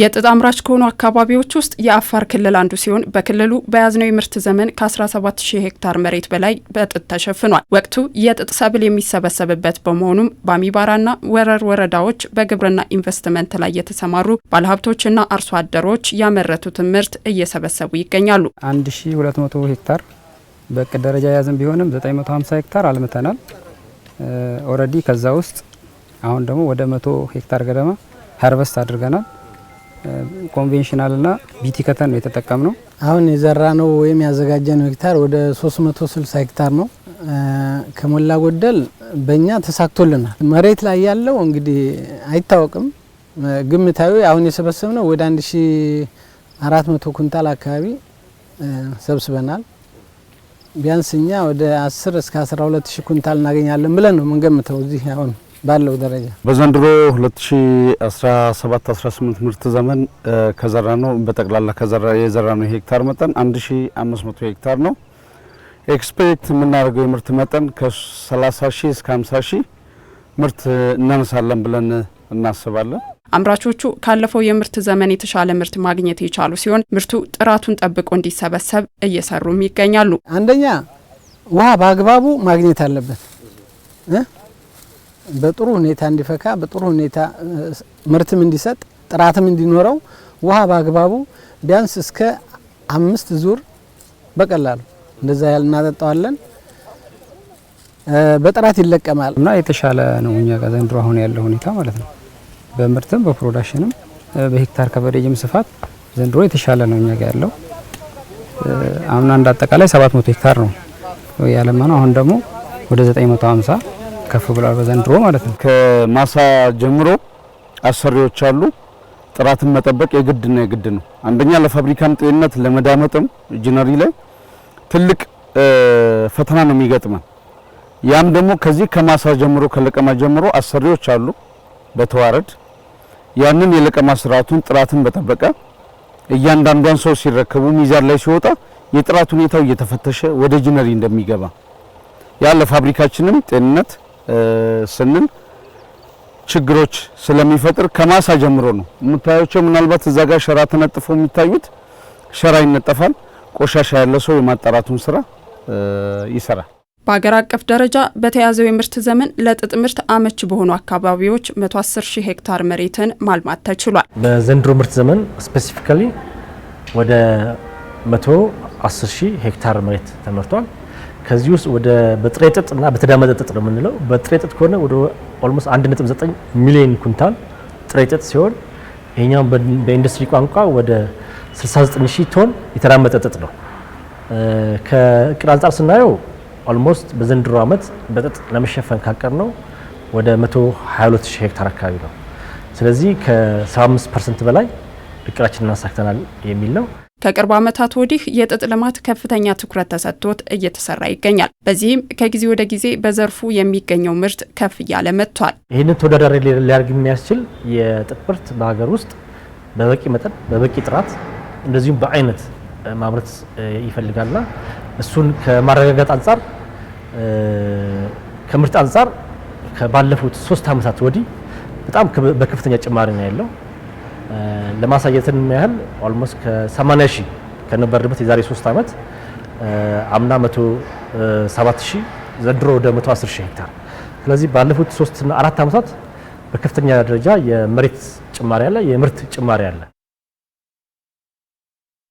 የጥጥ አምራች ከሆኑ አካባቢዎች ውስጥ የአፋር ክልል አንዱ ሲሆን በክልሉ በያዝነው የምርት ዘመን ከ17000 ሄክታር መሬት በላይ በጥጥ ተሸፍኗል። ወቅቱ የጥጥ ሰብል የሚሰበሰብበት በመሆኑም በአሚባራና ወረር ወረዳዎች በግብርና ኢንቨስትመንት ላይ የተሰማሩ ባለሀብቶችና አርሶ አደሮች ያመረቱትን ምርት እየሰበሰቡ ይገኛሉ። 1200 ሄክታር በእቅድ ደረጃ የያዝን ቢሆንም 950 ሄክታር አልምተናል ኦልሬዲ። ከዛ ውስጥ አሁን ደግሞ ወደ 100 ሄክታር ገደማ ሀርቨስት አድርገናል። ኮንቬንሽናልና ቢቲ ከተን ነው የተጠቀም ነው። አሁን የዘራ ነው ወይም ነው ሄክታር ወደ 360 ሄክታር ነው። ከሞላ ጎደል በእኛ ተሳክቶልናል። መሬት ላይ ያለው እንግዲህ አይታወቅም። ግምታዊ አሁን የሰበሰብነው ወደ 1400 ኩንታል አካባቢ ሰብስበናል። ቢያንስ እኛ ወደ 10 እስከ 12ሺ ኩንታል እናገኛለን ብለን ነው የምንገምተው እዚህ አሁን ባለው ደረጃ በዘንድሮ 2017-18 ምርት ዘመን ከዘራ ነው በጠቅላላ ከዘራ የዘራ ነው ሄክታር መጠን 1500 ሄክታር ነው። ኤክስፔክት የምናደርገው የምርት መጠን ከ30 ሺህ እስከ 50 ሺህ ምርት እናነሳለን ብለን እናስባለን። አምራቾቹ ካለፈው የምርት ዘመን የተሻለ ምርት ማግኘት የቻሉ ሲሆን ምርቱ ጥራቱን ጠብቆ እንዲሰበሰብ እየሰሩም ይገኛሉ። አንደኛ ውሃ በአግባቡ ማግኘት አለበት። በጥሩ ሁኔታ እንዲፈካ በጥሩ ሁኔታ ምርትም እንዲሰጥ ጥራትም እንዲኖረው ውሃ በአግባቡ ቢያንስ እስከ አምስት ዙር በቀላሉ እንደዛ ያህል እናጠጣዋለን። በጥራት ይለቀማል እና የተሻለ ነው እኛ ጋር ዘንድሮ አሁን ያለው ሁኔታ ማለት ነው። በምርትም በፕሮዳክሽንም በሄክታር ከበደጅም ስፋት ዘንድሮ የተሻለ ነው እኛ ጋር ያለው። አምና እንዳጠቃላይ 700 ሄክታር ነው ያለማ ነው። አሁን ደግሞ ወደ 950 ከፍ ብሏል በዘንድሮ ማለት ነው። ከማሳ ጀምሮ አሰሪዎች አሉ። ጥራትን መጠበቅ የግድና የግድ ነው። አንደኛ ለፋብሪካም ጤንነት ለመዳመጥም ኢንጂነሪ ላይ ትልቅ ፈተና ነው የሚገጥመን። ያም ደግሞ ከዚህ ከማሳ ጀምሮ ከለቀማ ጀምሮ አሰሪዎች አሉ በተዋረድ ያንን የለቀማ ስርዓቱን ጥራትን በጠበቀ እያንዳንዷን ሰው ሲረከቡ ሚዛን ላይ ሲወጣ የጥራት ሁኔታው እየተፈተሸ ወደ ጂነሪ እንደሚገባ ያ ለፋብሪካችንም ጤንነት ስንል ችግሮች ስለሚፈጥር ከማሳ ጀምሮ ነው የምታያቸው። ምናልባት እዛ ጋር ሸራ ተነጥፎ የሚታዩት ሸራ ይነጠፋል። ቆሻሻ ያለ ሰው የማጣራቱን ስራ ይሰራል። በሀገር አቀፍ ደረጃ በተያዘው የምርት ዘመን ለጥጥ ምርት አመች በሆኑ አካባቢዎች 110 ሺህ ሄክታር መሬትን ማልማት ተችሏል። በዘንድሮ ምርት ዘመን ስፔሲፊካሊ ወደ 110 ሺህ ሄክታር መሬት ተመርቷል። ከዚህ ውስጥ ወደ በጥሬ ጥጥ እና በተዳመጠ ጥጥ ነው የምንለው። በጥሬ ጥጥ ከሆነ ወደ ኦልሞስት 1.9 ሚሊዮን ኩንታል ጥሬ ጥጥ ሲሆን ይሄኛው በኢንዱስትሪ ቋንቋ ወደ 69 ሺህ ቶን የተዳመጠ ጥጥ ነው። ከእቅድ አንጻር ስናየው ኦልሞስት በዘንድሮ ዓመት በጥጥ ለመሸፈን ካቀር ነው ወደ 122 ሺህ ሄክታር አካባቢ ነው። ስለዚህ ከ75 ፐርሰንት በላይ እቅዳችንን አሳክተናል የሚል ነው። ከቅርብ ዓመታት ወዲህ የጥጥ ልማት ከፍተኛ ትኩረት ተሰጥቶት እየተሰራ ይገኛል። በዚህም ከጊዜ ወደ ጊዜ በዘርፉ የሚገኘው ምርት ከፍ እያለ መጥቷል። ይህንን ተወዳዳሪ ሊያደርግ የሚያስችል የጥጥ ምርት በሀገር ውስጥ በበቂ መጠን፣ በበቂ ጥራት እንደዚሁም በአይነት ማምረት ይፈልጋልና እሱን ከማረጋጋት አንጻር ከምርት አንጻር ከባለፉት ሶስት ዓመታት ወዲህ በጣም በከፍተኛ ጭማሪ ነው ያለው። ለማሳየትን ያህል ኦልሞስት ከ80 ሺህ ከነበርንበት የዛሬ 3 ዓመት አምና 107 ሺህ ዘንድሮ ወደ 110 ሺህ ሄክታር። ስለዚህ ባለፉት 3 እና 4 ዓመታት በከፍተኛ ደረጃ የመሬት ጭማሪ አለ፣ የምርት ጭማሪ አለ።